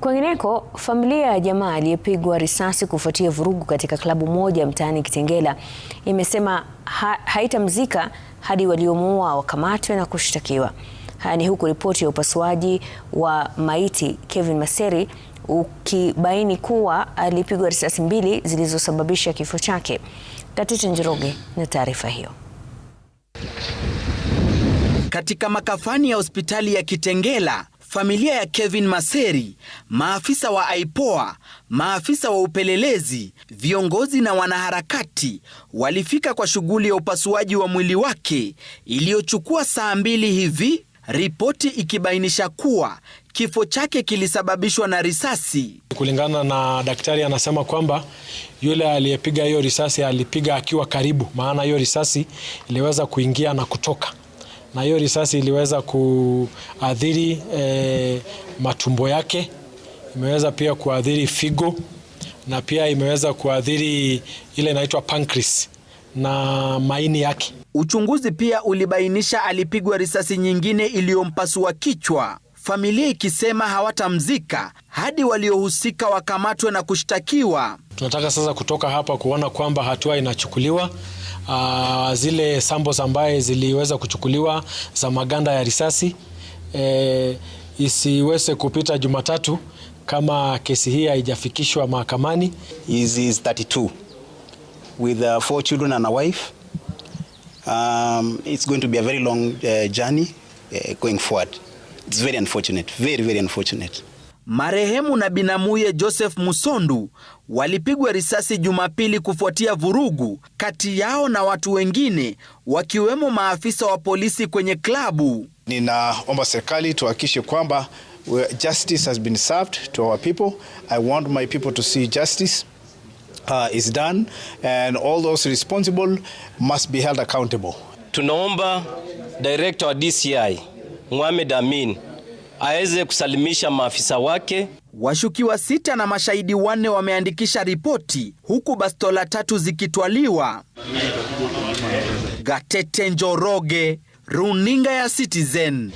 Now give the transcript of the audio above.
Kwingineko, familia ya jamaa aliyepigwa risasi kufuatia vurugu katika klabu moja mtaani Kitengela imesema ha haitamzika hadi waliomuua wakamatwe na kushtakiwa. Haya ni huku ripoti ya upasuaji wa maiti Kevin Maseri ukibaini kuwa alipigwa risasi mbili zilizosababisha kifo chake. Gatita Njoroge na taarifa hiyo. Katika makafani ya hospitali ya Kitengela familia ya Kevin Maseri, maafisa wa IPOA, maafisa wa upelelezi, viongozi na wanaharakati walifika kwa shughuli ya upasuaji wa mwili wake iliyochukua saa mbili hivi, ripoti ikibainisha kuwa kifo chake kilisababishwa na risasi. Kulingana na daktari, anasema kwamba yule aliyepiga hiyo risasi alipiga akiwa karibu, maana hiyo risasi iliweza kuingia na kutoka na hiyo risasi iliweza kuadhiri e, matumbo yake, imeweza pia kuadhiri figo na pia imeweza kuadhiri ile inaitwa pancreas na maini yake. Uchunguzi pia ulibainisha alipigwa risasi nyingine iliyompasua kichwa, familia ikisema hawatamzika hadi waliohusika wakamatwe na kushtakiwa. Tunataka sasa kutoka hapa kuona kwamba hatua inachukuliwa uh, zile sambos ambaye ziliweza kuchukuliwa za maganda ya risasi e, isiweze kupita Jumatatu kama kesi hii haijafikishwa mahakamani. Is 32 with uh, four children and a wife um, it's going to be a very long uh, journey uh, going forward. It's very unfortunate, very very unfortunate. Marehemu na binamuye Joseph Musondu walipigwa risasi Jumapili kufuatia vurugu kati yao na watu wengine wakiwemo maafisa wa polisi kwenye klabu. Ninaomba serikali tuhakikishe kwamba justice has been served to our people. I want my people to see justice uh, is done and all those responsible must be held accountable. Tunaomba director wa DCI Mohamed Amin aweze kusalimisha maafisa wake. Washukiwa sita na mashahidi wanne wameandikisha ripoti huku bastola tatu zikitwaliwa. Gatete Njoroge, Runinga ya Citizen.